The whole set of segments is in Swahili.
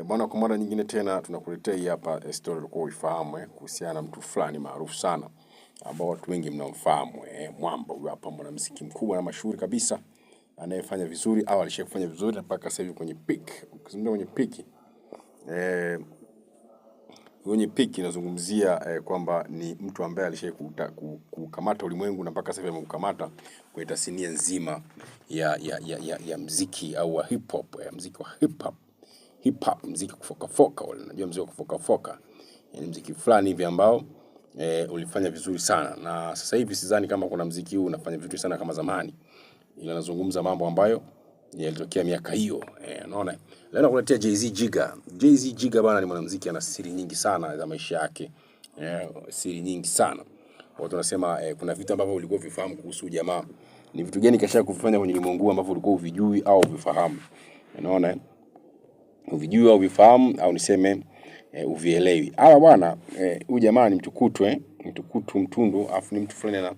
E eh, bwana, kwa mara nyingine tena tunakuletea hii hapa eh, story ulikuwa uifahamu eh, kuhusiana na mtu fulani maarufu sana ambao watu wengi mnamfahamu eh, mwamba huyu hapa, mwanamuziki mkubwa na mashuhuri kabisa anayefanya vizuri au alishafanya vizuri na mpaka sasa hivi kwenye peak. Ukizungumzia kwenye peak eh, kwenye peak inazungumzia eh, kwamba ni mtu ambaye alishai kukamata ulimwengu na mpaka sasa hivi ameukamata kwenye tasnia nzima ya, ya, ya, ya, ya mziki au wa hip hop, ya eh, mziki wa hip hop hip hop, mziki kufoka foka, Wale najua mziki kufoka foka, yani mziki fulani hivi ambao e, ulifanya vizuri sana, na sasa hivi sidhani kama kuna mziki huu unafanya vizuri sana kama zamani, ila nazungumza mambo ambayo yalitokea miaka hiyo e, unaona. Leo nakuletea Jay-Z Jiga. Jay-Z Jiga bana ni mwanamuziki ana siri nyingi sana za maisha yake. e, siri nyingi sana. Watu wanasema e, kuna vitu ambavyo ulikuwa vifahamu kuhusu jamaa. Ni vitu gani kashaka kufanya kwenye ulimwengu ambavyo ulikuwa uvijui au uvifahamu. Unaona? e, uvijua uvifahamu au niseme e, uvielewi. Hawa bwana eh, huyu e, jamaa ni mtukutwe eh, mtukutu mtundu, afu ni mtu fulani na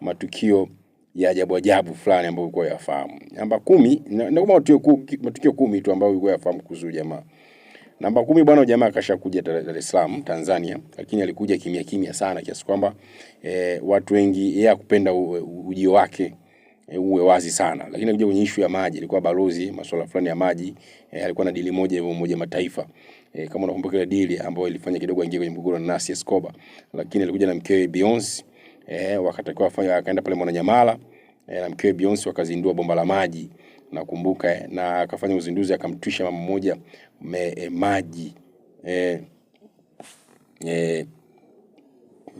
matukio ya ajabu ajabu fulani ambayo ulikuwa yafahamu. Namba kumi na, na matukio kumi tu ambayo ulikuwa yafahamu kuhusu jamaa. Namba kumi bwana, jamaa kasha kuja Dar es Salaam Tanzania, lakini alikuja kimya kimya sana kiasi kwamba e, watu wengi yeye akupenda ujio wake e, uwe wazi sana. Lakini alikuja kwenye ishu ya maji, alikuwa balozi masuala fulani ya maji e, alikuwa na dili moja hivyo moja Mataifa e, kama unakumbuka ile dili ambayo ilifanya kidogo aingie kwenye mgogoro na Nasir Escoba, lakini alikuja na mkewe Beyonce e, wakatakiwa afanye, akaenda pale Mwananyamala e, na mkewe Beyonce wakazindua bomba la maji nakumbuka, na akafanya uzinduzi akamtwisha mama mmoja e, maji e, e,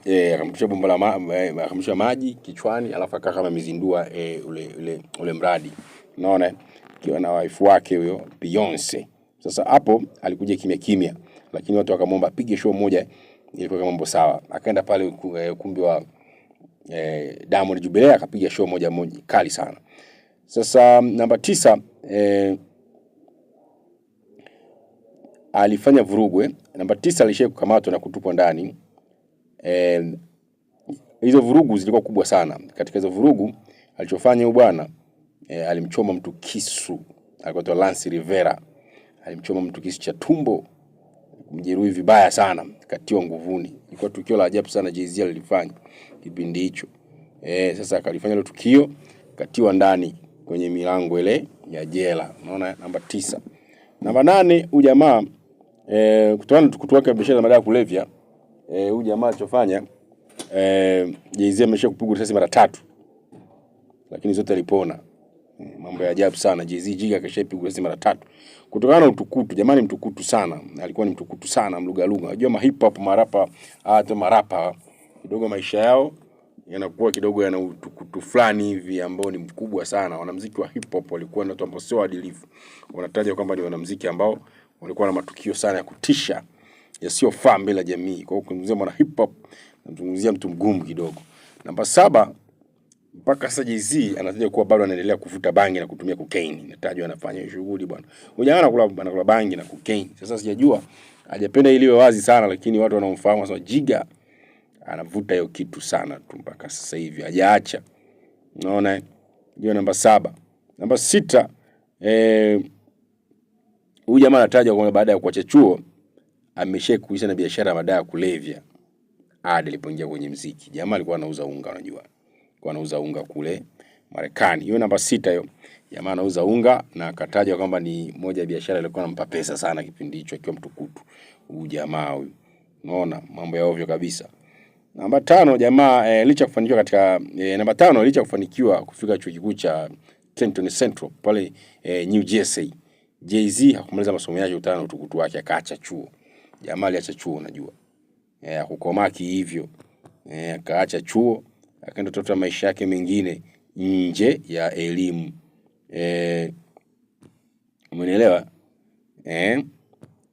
eh, bomba la ma, eh, maji kichwani, alafu akakaa kama amezindua eh, ule, ule, ule mradi unaona, kiwa na wife wake huyo Beyonce. Sasa hapo alikuja kimya kimya, lakini watu wakamwomba pige show moja ilikuwa kama mambo sawa. Akaenda pale eh, ukumbi wa eh, Diamond Jubilee akapiga show moja moja kali sana. Sasa namba tisa eh, alifanya vurugwe. Namba tisa alishai kukamatwa na kutupwa ndani eh, hizo vurugu zilikuwa kubwa sana. Katika hizo vurugu alichofanya huyu bwana eh, alimchoma mtu kisu, alikuwa Lance Rivera, alimchoma mtu kisu cha tumbo, mjeruhi vibaya sana, katiwa nguvuni. Ilikuwa tukio la ajabu sana Jay-Z alilifanya kipindi hicho. Eh, sasa akalifanya ile tukio, katiwa ndani kwenye milango ile ya jela, unaona namba tisa. Namba nane huyu jamaa eh, kutokana na kutumia biashara ya madawa kulevya eh, huyu jamaa alichofanya eh, jay amesha kupigwa risasi mara tatu, lakini zote alipona. E, mambo ya ajabu sana. jay Jiga kashapigwa risasi mara tatu kutokana na utukutu. Jamani, mtukutu sana, alikuwa ni mtukutu sana, mluga lugha, Unajua ma hip hop marapa, ah, hata marapa kidogo maisha yao yanakuwa kidogo yana utukutu fulani hivi ambao ni mkubwa sana. Wanamuziki wa hip hop walikuwa ni watu ambao sio adilifu, wanataja kwamba ni wanamuziki ambao walikuwa na matukio sana ya kutisha yasiyofaa mbele ya jamii. Kwa hiyo kuzungumzia mwana hip hop namzungumzia mtu mgumu kidogo. Namba saba, mpaka sasa Jay-Z anataja kuwa bado anaendelea kuvuta bangi na kutumia cocaine. Inatajwa anafanya shughuli bwana. Unajana anakula anakula bangi na cocaine. Sasa sijajua hajapenda iliwe wazi sana, lakini watu wanaomfahamu wanasema Jiga anavuta hiyo kitu sana tu mpaka sasa hivi hajaacha. Unaona hiyo namba saba. Namba sita eh, huyu jamaa anataja kwamba baada ya kuacha chuo amesha na biashara ya madawa ya kulevya hadi alipoingia kwenye mziki. Jamaa alikuwa anauza unga, unajua alikuwa anauza unga kule Marekani. Hiyo namba sita hiyo, jamaa anauza unga na akataja kwamba ni moja ya biashara ilikuwa anampa pesa sana kipindi hicho, akiwa mtukutu huyu jamaa huyu. Unaona mambo ya ovyo kabisa. Namba tano jamaa e, licha kufanikiwa katika e, namba tano licha kufanikiwa kufika chuo kikuu cha Trenton Central pale e, New Jersey, Jay-Z hakumaliza masomo yake utana na utukutu wake, akaacha chuo jamaa aliacha chuo unajua e, eh, akukomaa kihivyo e, eh, akaacha chuo akaenda tota maisha yake mengine nje ya elimu e, umenielewa e,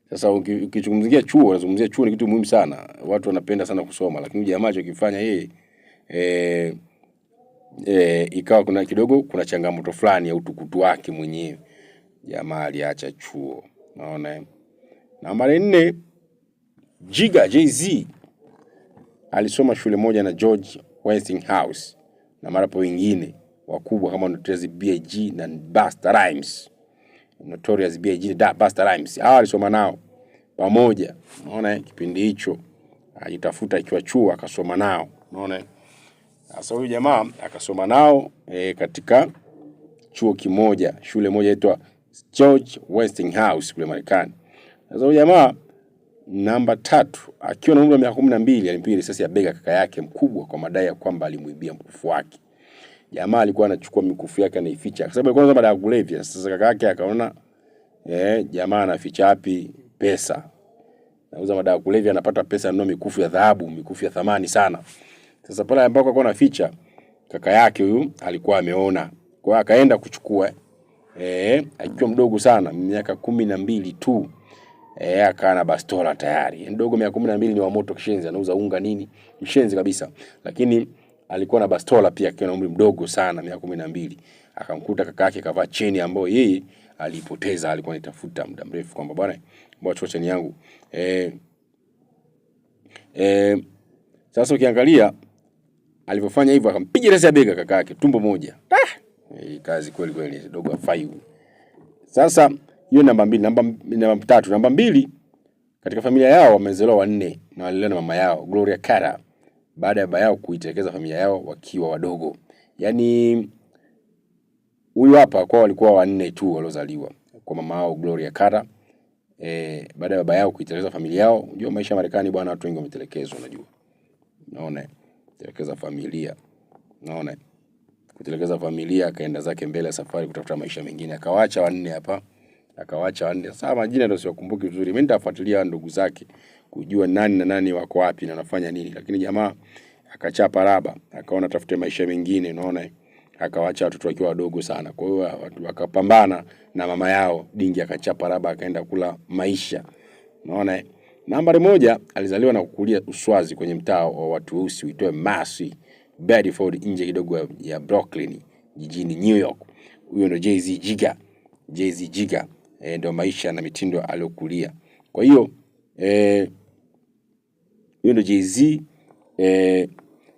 sasa ukizungumzia chuo unazungumzia chuo ni kitu muhimu sana watu wanapenda sana kusoma lakini jamaa chokifanya yeye e, e, ikawa kuna kidogo kuna changamoto fulani ya utukutu wake mwenyewe jamaa aliacha chuo naona nambari nne Jiga JZ alisoma shule moja na George Westinghouse na marapo wengine wakubwa kama Notorious B.I.G na Busta Rhymes. Notorious B.I.G na Busta Rhymes. Hao alisoma nao pamoja. Unaona kipindi hicho ajitafuta chuo akasoma nao. Unaona? Sasa huyu jamaa akasoma nao e, katika chuo kimoja, shule moja inaitwa George Westinghouse kule Marekani. Sasa huyu jamaa Namba tatu, akiwa na umri wa miaka kumi na mbili alimpiga risasi ya bega kaka yake mkubwa kwa madai ya kwamba alimwibia mkufu wake. Jamaa alikuwa anachukua mikufu yake anaificha, kwa sababu alikuwa na baada ya kulevya. Sasa kaka yake akaona eh, jamaa anaficha wapi pesa, Anauza madawa ya kulevya, anapata pesa, anunua mikufu ya dhahabu, mikufu ya thamani sana. Sasa pale ambako alikuwa anaficha kaka yake huyu alikuwa ameona, kwa hiyo akaenda kuchukua eh, akiwa mdogo sana, miaka kumi na mbili tu eh, akawa na bastola tayari. Mdogo yaani mia kumi na mbili ni wa moto kishenzi, anauza unga nini, mshenzi kabisa, lakini alikuwa na bastola pia akiwa na umri mdogo sana, mia kumi na mbili. Akamkuta kaka yake kavaa cheni ambayo yeye alipoteza, alikuwa anitafuta muda mrefu kwamba bwana, mbona chukua cheni yangu eh, eh. Sasa ukiangalia alivyofanya hivyo, akampiga rasi ya bega kaka yake tumbo moja. Ah, eh, kazi kweli kweli, dogo afai. Sasa hiyo namba mbili. Namba, namba tatu. Namba mbili, katika familia yao wamezaliwa wanne na walilelewa na mama yao Gloria Kara baada ya baba yao kuitekeza familia yao wakiwa wadogo. Yaani huyu hapa kwao walikuwa wanne tu waliozaliwa kwa mama yao Gloria Kara. e, eh, baada ya baba yao kuitelekeza familia yao. Unajua maisha ya Marekani bwana, watu wengi wametelekezwa, unajua. Unaona? Telekeza familia. Unaona? Kutelekeza familia akaenda zake mbele ya safari kutafuta maisha mengine, akawaacha wanne hapa akawaacha wanne. Sasa majina ndio siwakumbuki vizuri, mimi nitafuatilia ndugu zake kujua nani na nani wako wapi na wanafanya nini, lakini jamaa akachapa raba, akaona tafute maisha mengine, unaona, akawaacha watoto wakiwa wadogo sana. Kwa hiyo wakapambana na mama yao Dingi, akachapa raba, akaenda kula maisha, unaona. Nambari moja alizaliwa na kukulia Uswazi kwenye mtaa wa watu weusi uitwe Masi Bedford, nje kidogo ya Brooklyn jijini New York. Huyo ndo Jay-Z Jiga, Jay-Z Jiga e, ndio maisha na mitindo aliyokulia. Kwa hiyo eh, hiyo e, ndio Jay-Z e,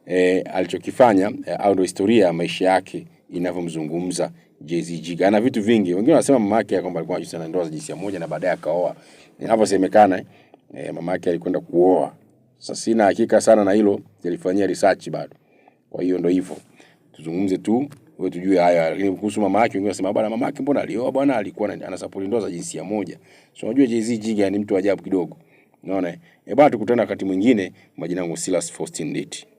e, alichokifanya e, au ndio historia ya maisha yake inavyomzungumza Jay-Z Jiga. Ana vitu vingi. Wengine wanasema mama yake kwamba alikuwa anajihusisha na ndoa za jinsia moja na baadaye akaoa. Inavyosemekana e, mama yake alikwenda kuoa. Sasa sina hakika sana na hilo, nilifanyia research bado. Kwa hiyo ndio hivyo. Tuzungumze tu wewe tujue haya, lakini kuhusu mama yake wengine wanasema bwana, mama yake mbona alioa bwana, alikuwa anasapoti ndoa za jinsia moja. So unajua Jay-Z Jiga ni mtu ajabu kidogo, unaona eh bwana. Tukutane wakati mwingine. Majina yangu Silas Faustin Nditi.